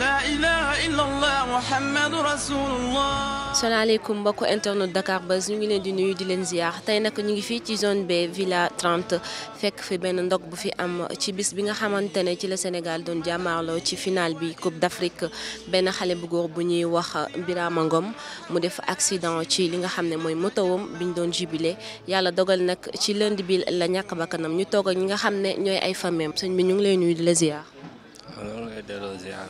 la ilaha illallah muhammadu rasulullah salaamaaleykum mbokku internet Dakar Buzz ñu ngi leen di nuyu di leen ziar tey nag ñu ngi fii ci zone B villa 30 fekk fi benn ndog bu fi am ci bis bi nga xamante ne ci la Sénégal doon jàmmaarloo ci final bi Coupe d'Afrique benn xale bu góor bu ñuy wax Birama Ngom mu def accident ci li nga xam ne mooy motowam bi ñu doon jubilé yàlla dogal nag ci lundi bi la ñàkk bakkanam ñu toog ñi nga xam ne ñooy ay famem sëñ bi ñu ngi lay nuyu di la loolu ngay delloo ziar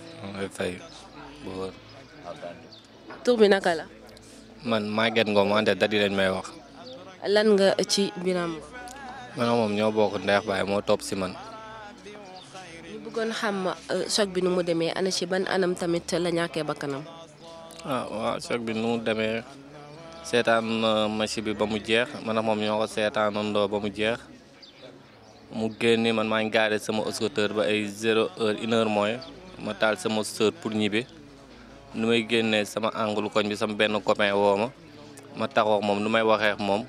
moom naka la. man Maguette Ngom wante dadi lañ may wax. lan nga ci Birame Ngom. moom ñoo bokk ndeex baay moo topp ci man. ñu bëggoon xam euh, choc bi nu mu demee ana ci ban anam tamit la ñàkkee bakkanam. Ah, waaw choc bi nu mu demee seetaan euh, match bi ba mu jeex man ak moom ñoo ko seetaanandoo ba mu jeex. mu génne man maa ngi garé sama scooter ba ay zéro heure une heure mooy ma taal sama sœur pour ñibbi nu may génnee sama angle koñ bi sama benn copain woo ma ma taxaw moom nu may waxee moom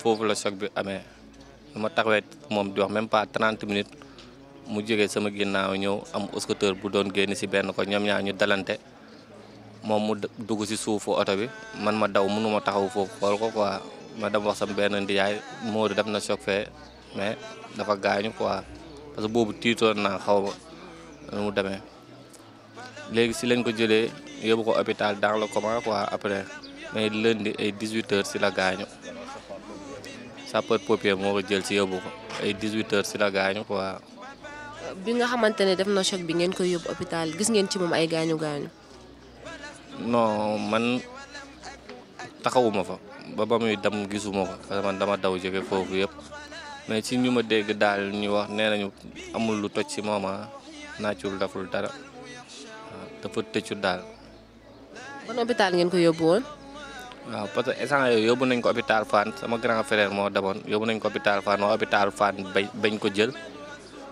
foofu la choc bi amee nu ma taxawee moom di wax même pas 30 minutes mu jógee sama ginnaaw ñëw am scooter bu doon génn si benn koñ ñoom ñaar ñu dalante moom mu dugg si suufu oto bi man ma daw mënuma taxaw foofu xool ko quoi ma dem wax sama benn ndiyaay Modou def na choc fee mais dafa gaañu quoi parce que boobu tiitoon naa xaw ma nu mu demee léegi si lañ ko jëlee yóbbu ko hôpital dans le coma quoi après mais lundi ay 18 heures si la gaañu sapeur pompier moo jël si yóbbu ko ay 18 heures la gaañu quoi. bi nga xamante ne def na choc bi ngeen koy yóbbu hôpital gis ngeen ci moom ay gaañu gaañu. non man taxawuma fa ba ba muy dem gisuma ko parce que man dama daw jóge foofu yëpp. mais ci ñu ma dégg daal ñu wax nee nañu amul lu toj ci moom ah, naacul daful dara waaw dafa tëccu daal. ban hôpital ngeen ko yóbbu woon. waaw parce que instant yooyu yóbbu nañ ko hôpital Fann sama grand frère moo demoon yóbbu nañ ko hôpital Fann waa hôpital Fann bañ ko jël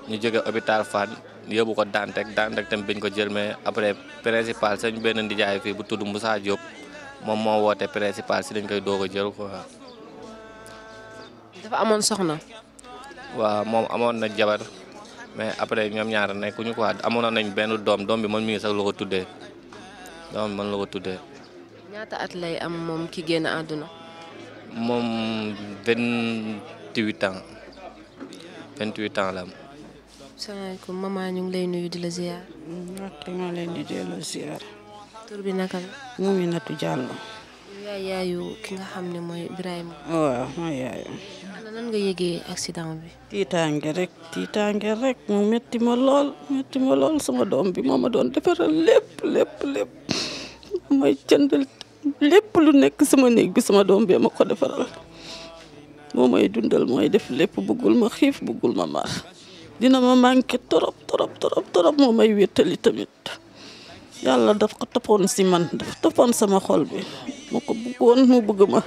ñu jóge hôpital Fann yóbbu ko Dantec Dantec tamit bañ ko jël mais après principal sañ benn ndijaay fii bu tudd Moussa Diop moom moo woote principal si dañ koy doog a jël quoi. dafa amoon waaw moom amoon na jabar mais après ñoom ñaar nekkuñu ko amoon nañ benn doom doom bi man mi ngi sax tuddee man la ko tuddee. ñaata at lay am moom ki génn àdduna. moom vingt-huit ans vingt-huit ans la am. salaamaaleykum maman ñu ngi lay nuyu di la ziar. maa leen di delloo ziar. tur bi naka la. yaay yaayu ki nga xam ni mooy Ibrahima. waaw mooy yaayu. nan nga yëgee accident bi. tiitaange rek tiitaange rek mu metti ma lool metti ma lool sama doom bi moo ma doon defaral lépp lépp lépp mooy jëndal lu nekk sama sama doom bee ma ko defaral dundal mooy def lépp bëggul ma xiif bëggul ma mar dina ma manqué torop torop torop torop moo may wéttali tamit yàlla daf ko toppoon si man daf toppoon sama xol bi ma ko bëggoon mu bëgg ma.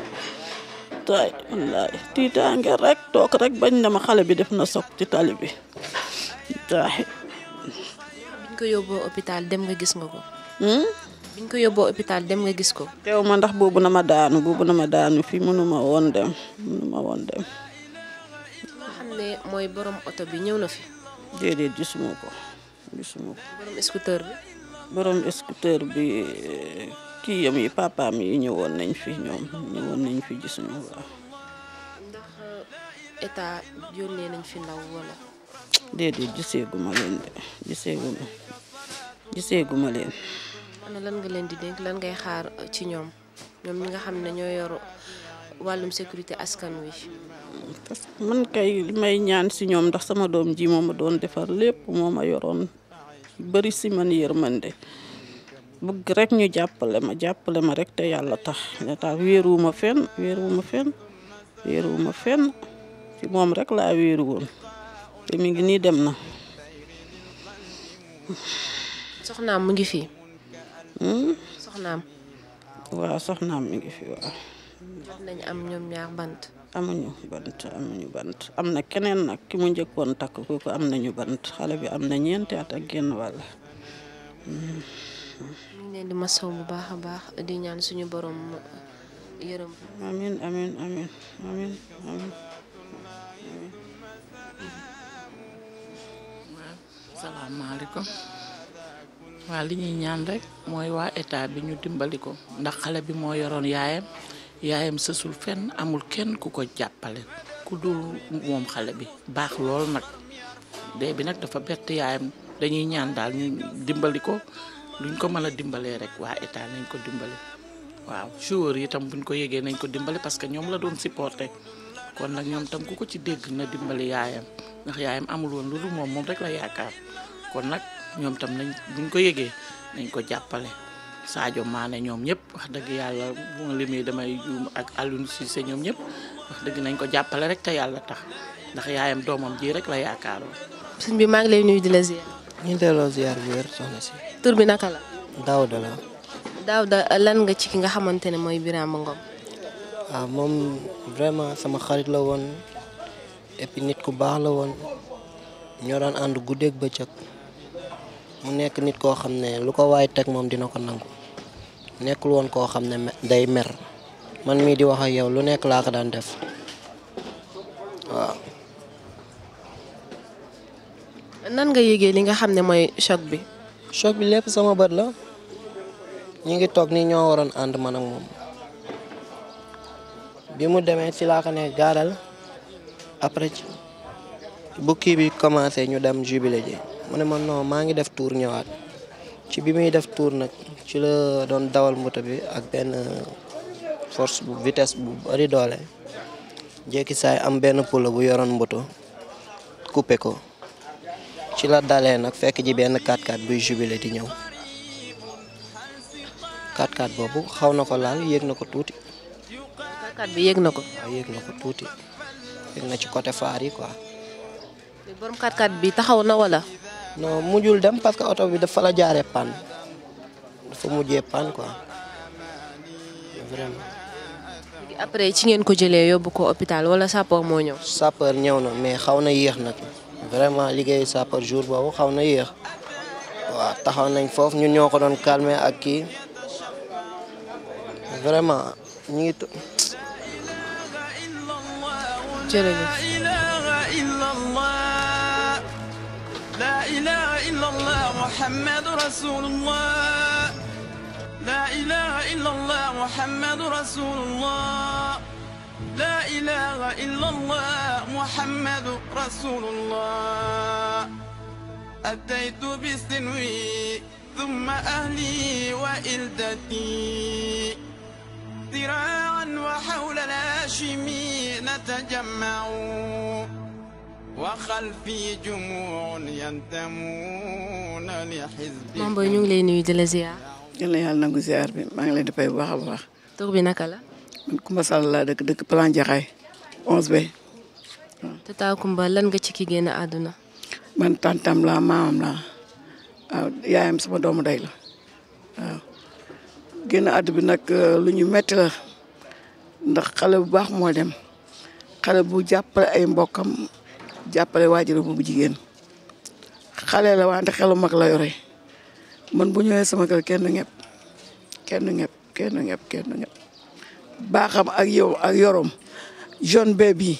tiitaay wallaahi tiitaange rek toog rek bañ na ma xale bi def na soog ci tali bi wallaahi. biñ ko yóbboo hôpital dem nga gis nga ko. Hmm? biñ ko yóbboo hôpital dem nga gis ko. ma ndax boobu na ma daanu boobu na ma daanu fii mënu ma ma woon dem. nga mooy borom oto bi ñëw na fi. déedéet gisuma ko gisuma ko. scooter bi. kii yam yi pàppaam yi ñëwoon nañ fi ñoom ñëwoon nañ fi gis ñu waaw. ndax état yónnee nañ fi ndaw wala. déedéet giseegu ma leen de giseegu ma giseegu ma leen. lan nga leen di dénk lan ngay xaar ci ñoom ñoom ñi nga xam ne ñoo yor wàllum sécurité askan wi. parce que man kay li may ñaan si ñoom ndax sama doom ji moo ma doon defar lépp moo ma yoroon bari si man man yërmande. bëgg rek ñu jàppale ma jàppale ma rek te yàlla tax ne tax wéeruwuma fenn wéeruwuma fenn wéeruwuma moom rek laa wéeru woon te mi ngi nii dem na. soxnaam mu ngi fi. Hmm? soxnaam. waaw soxnaam mi ngi fi waaw. am ñoom ñaar bant. amuñu bant am na keneen nag ki mu njëkkoon takk am na ñu bant xale bi am na ñeenti at ak genn wàll. Hmm. leen di masaw bu baax a baax di ñaan suñu borom yërëm. amin amin amin amin amin waaw salaamaaleykum waaw li ñuy ñaan rek mooy waa état bi ñu dimbali ko ndax xale bi moo yoroon yaayam yaayam sësul fenn amul kenn ku ko jàppale ku dul moom xale bi baax lool nag dee bi nag dafa bett yaayam dañuy ñaan daal ñu dimbali ko. luñ ko mën a dimbalee rek waa état nañ ko dimbale waaw joueur yi tam buñ ko yégee nañ ko dimbale parce que ñoom la doon supporter kon nag ñoom tam ku ko ci dégg na dimbali yaayam ndax yaayam amul woon lu moom moom rek la yaakaar kon nag ñoom tam nañ buñ ko yégee nañ ko jàppale Sadio maane ñoom ñëpp wax dëgg yàlla bu ma limee damay juum ak Aliou Cissé ñoom ñëpp wax dëgg nañ ko jàppale rek te yàlla tax ndax yaayam doomam ji rek la yaakaaroon. sëñ bi maa ngi lay nuyu di la ñu delloo ziar bu wér soxna si. tur bi naka la. Daouda la. Daouda lan nga ci ki nga xamante ne mooy Birame Ngom. waaw ah, moom vraiment sama xarit la woon et nit ku baax la woon ñoo daan ànd guddeeg bëccëg mu nekk nit koo xam ne lu ko waay teg moom dina ko nangu nekkul woon koo xam ne day mer man mii di wax ak yow lu nekk laa ko daan def waaw. nan nga yëgee li nga xam ne mooy choc bi. choc bi lépp sama bët la ñu ngi toog ni ñoo waroon ànd man ak moom bi mu demee ci laa ne gaaral après ci bu kii bi commencé ñu dem jubilé ji mu ne ma non maa ngi def tour ñëwaat ci bi muy def tour nag ci la doon dawal moto bi ak benn force bu vitesse bu bari doole jékki saay am benn pula bu yoroon moto coupé ko. ci la dale nag fekk ji benn 4x4 buy jubile di ñëw 4 x boobu xaw na ko laal yéeg na ko tuuti. 4 x yéeg na ko. na tuuti yéeg na ci côté faar yi quoi. borom 4x4 bi taxaw na wala. non mujjul dem parce que oto bi dafa la jaaree panne dafa mujjee panne quoi vraiment. après ci ngeen ko jëlee yóbbu ko hôpital wala sapeur moo ñëw. sapeur ñëw na mais xaw na yéex nag. vraiment liggéey sapeur jour boobu xaw na yéex waaw taxaw nañ foofu ñun ñoo ko doon calmer ak kii vraiment ñu ngi. jërëjëf. La ilaha illallah Muhammadur Rasulullah لا إله إلا الله محمد رسول الله أتيت بسنوي ثم أهلي وإلدتي ذراعا وحول الهاشمي نتجمع Mame Boye ñu ngi lay nuyu di la ziar. yàlla yàlla nangu ziar bi maa ngi lay di fay bu baax a baax. tur bi naka la. man Kumba Sall dëkk dëkk Plan Jaxaay 11 bay. tata Kumba lan nga ci ki génn àdduna. man tantam laa maamam laa yaayam sama doomu day la waaw. génn àddu bi nag euh, lu ñu metti la ndax xale bu baax moo dem xale bu jàppale ay mbokkam jàppale waajur bu jigéen xale la wante xelu mag la yore man bu ñëwee sama kër kenn ñëpp kenn ñëpp kenn ñëpp kenn baaxam ak yow ak yorom jeune bee bi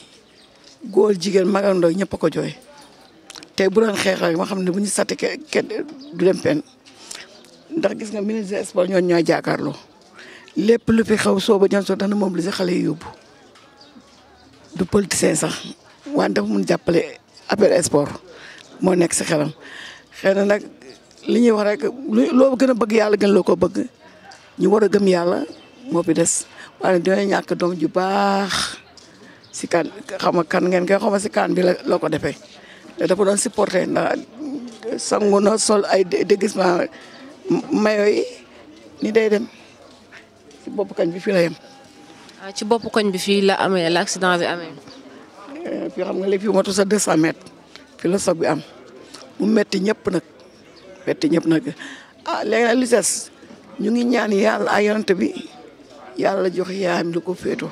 góor jigéen mag ak ñëpp a ko jooy te bu doon xeex rek ma xam ne bu ñu sàtte kenn du dem ndax gis nga ministre des sports ñoon ñooy jàkkaarloo lépp lu fi xaw soo ba jan soo dana mobiliser xale yi yóbbu du politicien sax waaye dafa mun jàppale appel sport moo nekk si xelam xëy na nag li ñuy wax rek loo gën a bëgg yàlla gën loo ko bëgg ñu war a gëm yàlla moo fi des wala dina ñàkk doom ju baax si kan xam nga kan ngeen koy xama si kan bi la la ko defee dafa doon supporter ndax sangu na sol ay déguisement mayo yi ni day dem si bopp koñ bi fila la yem. Ah, ci bopp kañ bi fii la amee la accident bi amee. Eh, fii xam nga léegi fii motu sa 200 mètres la soog bi am mu metti ñëpp nag metti ñëpp nag ah léegi nag ñu ngi ñaan yàlla ay bi. yàlla jox yaayam lu ko féeto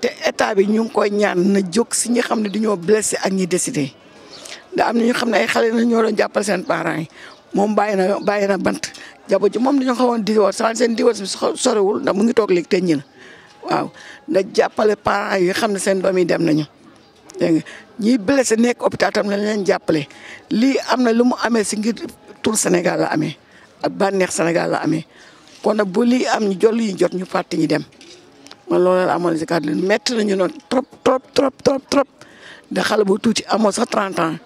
te état bi ñu ngi koy ñaan na jóg si ñi xam ne dañoo si ak ñi décédé ndax am na ñu xam ne ay xale na ñoo doon jàppale seen parents yi moom bàyyi na bàyyi na bant jabo ji moom dañoo xawoon diwoot sax seen diwoot bi sorewul ndax mu ngi toog léegi te ñi waaw na jàppale parents yi xam ne seen doom yi dem nañu dégg nga ñiy blessé nekk hôpital tam lañ leen jàppale lii am na lu mu amee si ngir tur Sénégal amee ak bànneex Sénégal la amee kon nag bu lii am ñu jol yi jot ñu fàtte ñu dem man loolu la amoon si kàddu yi métti nañu noonu trop trop trop trop trop da xale boo tuuti amoo sax 30 ans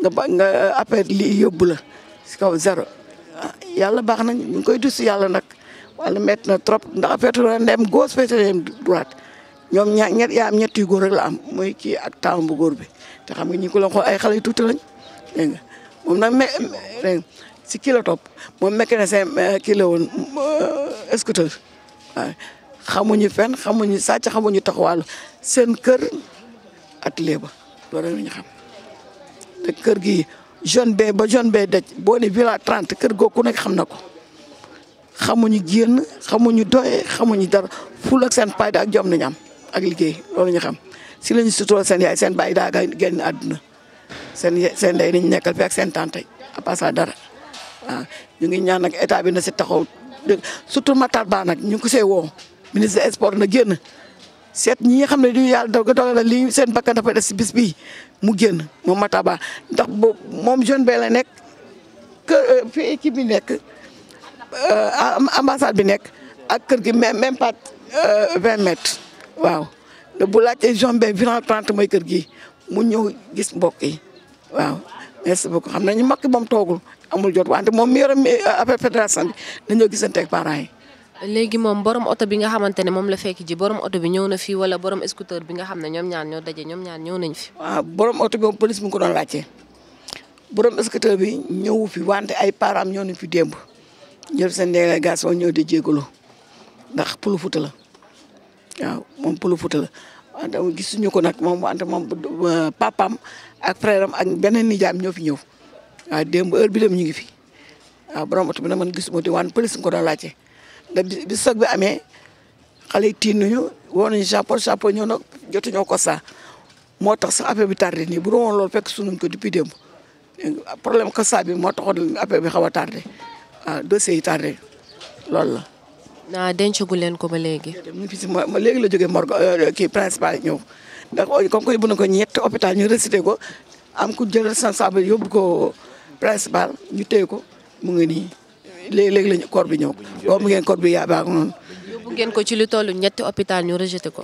nga ba nga affaire li yóbbu la si kaw zéro yàlla baax nañ ñu ngi koy dus yàlla nag wala mett na trop ndax feetu la ndem gauche feetu la ndem droite ñoom ña ñett am ñetti góor am mooy kii ak taam bu góor bi te xam nga ñi ko la xool ay xale yu tuuti lañ moom nag si kii la topp moom mécanicien euh, kii la woon euh, scooter waaw xamuñu fen xamuñu sàcc xamuñu taxawaalu seen kër atelier ba loolu la ñu xam te kër gi jeune bee ba jeune bee daj boo ne villa 30 kër googu ku xam na ko xamuñu génn xamuñu doye xamuñu dara ful ak seen payda ak jom nañu am ak liggéey loolu ñu xam si lañu sutura seen yaay seen baay daa génn àdduna seen seen day nañu nekkal fi ak seen tante à part dara. waaw ñu ngi ñaan nag état bi na si taxaw surtout Matar Ba nag ñu ngi ko see woo ministre des sports na génn seet ñi nga xam ne du yàlla dogal dogal lii seen bakkan dafa de si bis bi mu génn moom Matar Ba ndax boobu moom jeune bee la nekk euh, fi équipe bi nekk euh, ambassade bi nekk ak kër gi même même pas 20 euh, mètres waaw bu laajtee jeune bee virant 30 mooy kër gi mu ñëw gis mbokk yi waaw merci beaucoup xam nañu mbokk moom toogul. amul jot wante moom mi yore euh, affaire fédération bi gis a ak parents yi. léegi moom borom oto bi nga xamante ne moom la fekk ji borom oto bi ñëw na fii wala borom scooter bi nga xam ne ñoom ñaar ñoo daje ñoom ñaar ñëw nañ fi. waaw borom oto bi moom police mu ngi ko doon laajte borom scooter bi ñëwu fi wante ay parents ñoo nañ fi démb jël seen délégation ñëw di jégalu ndax pulu futa la waaw moom pulu futa la wante gisuñu ko nag moom wante moom euh, papaam ak frère ak beneen nijaam ñoo fi ñëw. waaw ah, démb heure bi dem ñu ngi fi waaw ah, borom oto bi nag man gisuma te waan police nga ko doon laajte ndax bi soog bi amee xale yi tiit nañu woo nañu chapeau chapeau ñëw nag jotuñoo ko saa moo tax sax affaire bi tardé nii bu doon woon loolu fekk sunuñ ko depuis démb saa bi moo taxoon bi xaw a tardé waaw ah, dossier yi tardé loolu la. naa dencagu leen ko ba léegi. ma léegi la jógee morgue euh, kii principal ñëw ndax comme que bu na ko ñett hôpital ñu récité ko am ku jël responsable ko. principal ñu téye ko mu ngi nii léeg-léeg lañu corps bi ñëw boobu mu ngeen corps bi yaa baax noonu. yóbbu ngeen ko ci lu toll ñetti hôpital ñu rejeté ko.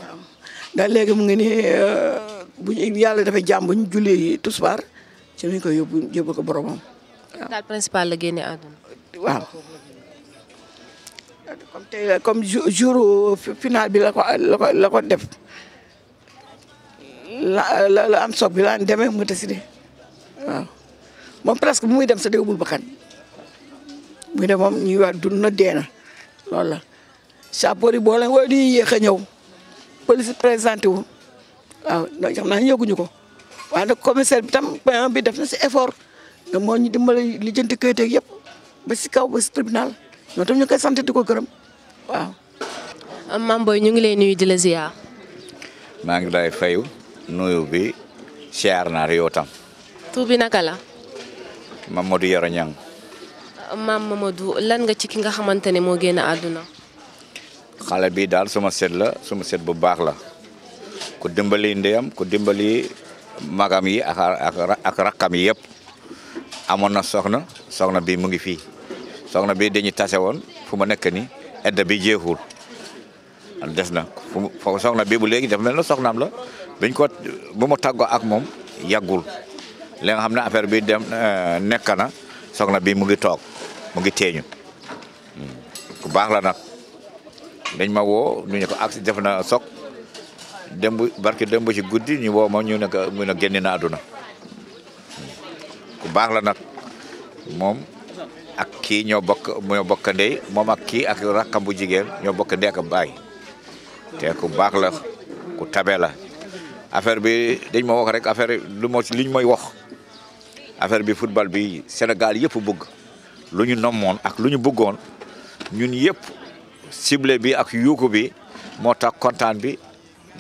ndax léegi mu ngi nii euh, bu ñu yàlla dafa jàmm bu ñu julli tisbaar ci lañ koy yóbbu yóbbu ko boromam. hôpital principal la génne àdduna. waaw. comme tey comme jour final la la ko la la am soog bi laan demee mu décidé waaw. moom presque bu muy dem sa ba bakkan muy dem moom ñuy wax dund na dee na loolu la sapeurs yi boo leen wooy dañuy yéex a ñëw police présenté wu waaw donc xam naa yëguñu ko waaye nag commissaire bi tam bi def na si effort nga moo ñu dimbali li jënti yëpp ba si kaw ba si tam ñu koy sant ko gërëm waaw. Mame Boye ñu ngi lay nuyu di la maa ngi lay fayu nuyu bi siyaar naa yow tam. tur bi ma du Yoro Niang. maam Mamadou lan nga ci ki nga xamante ne moo génn àdduna. xale bi daal suma set la suma set bu baax la ku dimbali ndeyam ku dimbali magam yi ak ak rakkam yi yëpp amoon na soxna soxna bi mu ngi fii soxna bi dañuy tase woon fu ma nekk ni edda bi jeexul des na fu soxna bi bu léegi daf mel na soxnaam la biñ ko bu ma tàggoo ak moom yàggul. li xam ne affaire bi dem euh, nekk na soxna bi mu ngi toog mu ngi teeñu hmm. ku baax la nag dañ ma woo ñu ne ko accident def na soog démb barki démb ci guddi ñu woo ma ñu ne ko mu ne na hmm. ku baax la nag moom ak kii ñoo bokk moom ak kii ak rakkam bu jigéen ñoo bokk ndey ak baay te ku baax la ku tabe la affaire bi dañ ma wax rek affaire lu ma liñ may wax affaire bi football bi senegal yëpp bëgg lu ñu nommoon ak lu ñu bëggoon ñun yëpp cible bi ak yuuku bi moo tax kontaan bi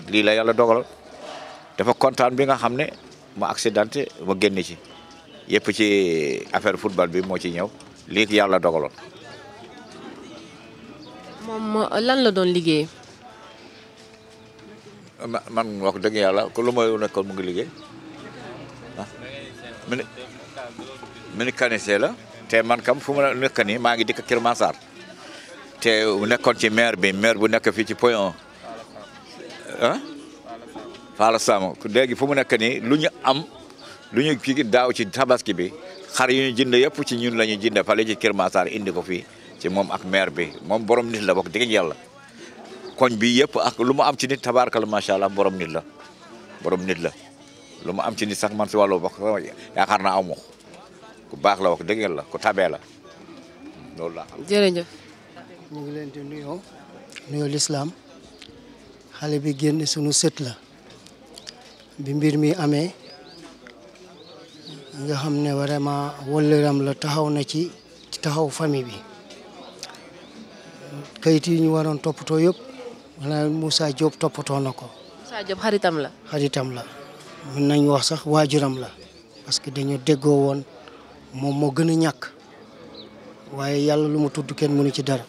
lii la yàlla dogal dafa kontaan bi nga xam ne ma accidenté ma génn ci yépp ci affaire football bi moo ci ñëw lii yàlla dogaloon. moom lan la doon liggéey. man wax dëgg yàlla ko lu ma nekkoon mu ngi liggéey ah. mécanicien la te man kam fu ma nekk nii maa ngi dikk Kër te te nekkoon ci maire bi maire bu nekk fii ci Point 1 ah Fala fu mu nekk nii lu ñu am lu ñu kii daaw ci tabaski bi xar yu ñu jënd yëpp ci ñun la ñuy jënd fale ci Kër Massar indi ko fii ci moom ak maire bi moom borom nit la bokk digg yàlla koñ bi yëpp ak lu mu am ci nit tabaarkalla macha allah borom nit la borom nit la lu mu am ci nit sax man si wàllu bokk yaakaar naa amoo ku baax la wax dëgg la ku tabee la loolu laa xam. ngi leen di nuyoo lislaam xale bi génn sunu sët la bi mbir mi amee nga xam ne vraiment wëllëram la taxaw na ci taxaw famille bi kayit yi ñu waroon toppatoo yëpp maanaam Moussa Diop toppatoo na ko. Moussa xaritam la. xaritam la mën nañ wax sax waajuram la parce que dañoo déggoo woon. moom moo gën a ñàkk waaye yàlla lu mu tudd kenn mënu ci dara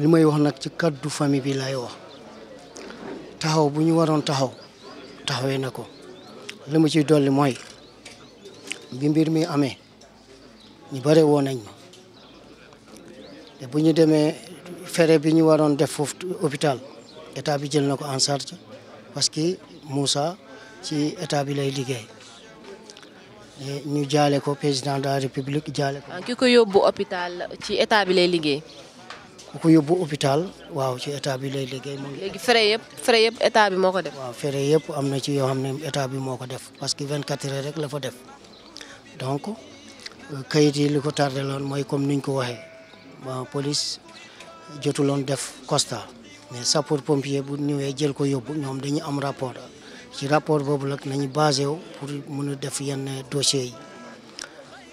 li may wax nag ci kàddu famille bi lay wax taxaw bu ñu waroon taxaw taxawee na ko li ma ciy dolli mooy bi mbir mi amee ñu bare woon nañ ma te bu ñu demee fere bi ñu waroon def foofu hôpital état bi jël na ko en charge parce que Moussa ci état bi lay liggéey ñu jaale ko président de la république jaale ko. Ah, ki ko yóbbu hôpital ci état bi lay liggéey. ku ko yóbbu hôpital waaw ci état bi lay liggéey. léegi frais yëpp frais yëpp état bi moo ko def. waaw frais yëpp am na ci yoo xam ne état bi moo ko def parce que 24 heures rek la fa def donc kayit yi li ko tardé loon mooy comme niñ ko waxee bon jotu loon def costa mais sapeur pompier bu ñëwee jël ko yóbbu ñoom dañu am rapport. ci rapport boobu nag la ñu basé wu pour mën a def yenn dossiers yi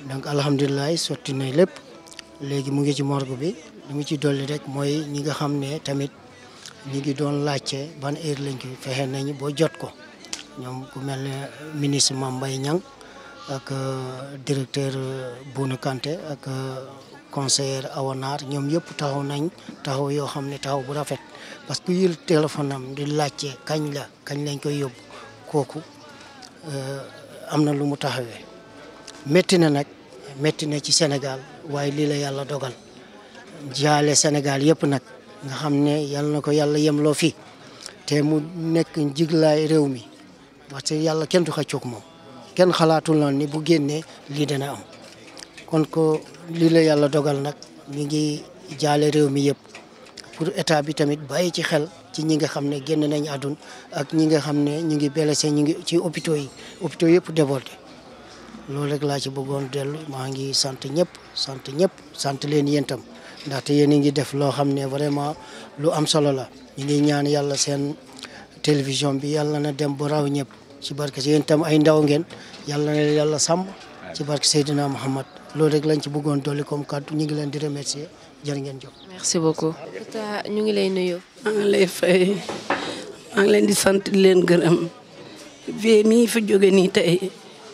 donc alhamdulilah sotti na lépp léegi mu ngi ci morgue bi li mu ci dolli rek mooy ñi nga xam ne tamit ñi ngi doon laajte ban heure lañ ko fexe nañu boo jot ko ñoom ku mel ne ministre Mame Mbaye Niang ak euh, directeur euh, Bouna Kanté ak euh, conseiller Awanaar ñoom yëpp taxaw nañ taxaw yoo xam ne taxaw bu rafet parce que yil téléphone am di laajte kañ la kañ lañ koy yóbbu kooku euh, am na lu mu taxawee métti na nag métti ci Sénégal waaye lii la yàlla dogal jaale senegal yëpp nag nga xam ne yàlla na ko yàlla yem loo fi te mu nekk njiglaay réew mi parce que yàlla kenn du xëccoog moom kenn xalaatul noon ni bu génnee lii dana am kon ko lii yàlla dogal nag mi ngi jaale réew mi yëpp pour état bi tamit ci xel ci ñi nga xam ne génn nañ àddun ak ñi nga xam ne ñu ngi blessé ñu ngi ci hôpitaux yi opito yëpp débordé loolu rek laa ci bëggoon dellu maa ngi sant ñëpp sant ñëpp sant leen yéen tam ndaxte yéen a ngi def loo xam ne vraiment lu am solo la ñu ñaan yàlla seen télévision bi yàlla na dem bu raw ñëpp ci barke tam ay ndaw ngeen yàlla na yàlla sàmm ci barke Seydina Muhammad loolu rek lañ ci bëggoon dolli comme kàddu ñu ngi leen di remercier jërë ngeen jëf. merci beaucoup. Tata ñu ngi lay nuyu. maa ngi lay fay maa ngi leen di sant di leen gërëm vie mii fi jóge nii tey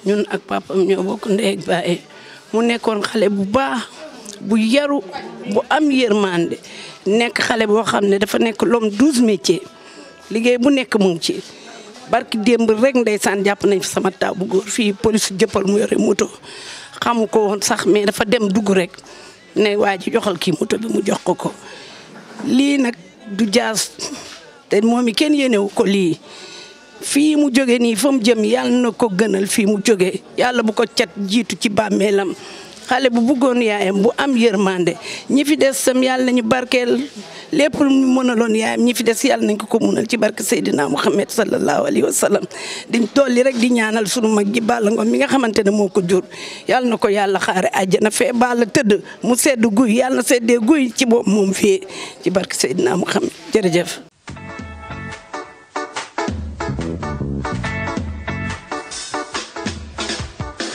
ñun ak papam ñoo bokk ndey ak baay mu nekkoon xale bu baax bu yaru bu am yërmande nekk xale boo xam ne dafa nekk l'homme douze métiers liggéey bu nekk mu ci. barki démb rek saan jàpp nañ fi sama taw góor fii police jëppal mu yore moto. xamu ko woon sax mais dafa dem dugg rek ne waa ji joxal kii moto bi mu jox ko ko lii nag du jaas te moom i kenn yéenewu ko lii fii mu jóge nii fa jëm yàlla na ko gënal fii mu jóge yàlla bu ko cat jiitu ci bàmmeelam xale bu bëggoon yaayam bu am yërmande ñi fi des sam yàlla nañu barkeel lépp lu ñu mënaloon yaayam ñi fi des na nañ ko ko munal ci barke Seydina Muhammad sallallahu alayhi wa sallam di dolli rek di ñaanal sunu mag gi Balla Ngom mi nga xamante ne moo ko jur yàlla na ko yàlla xaare àjjana fee bala tëdd mu sedd guy yàlla na seddee guy ci boobu moom fii ci barke Seydina Muhammad jërëjëf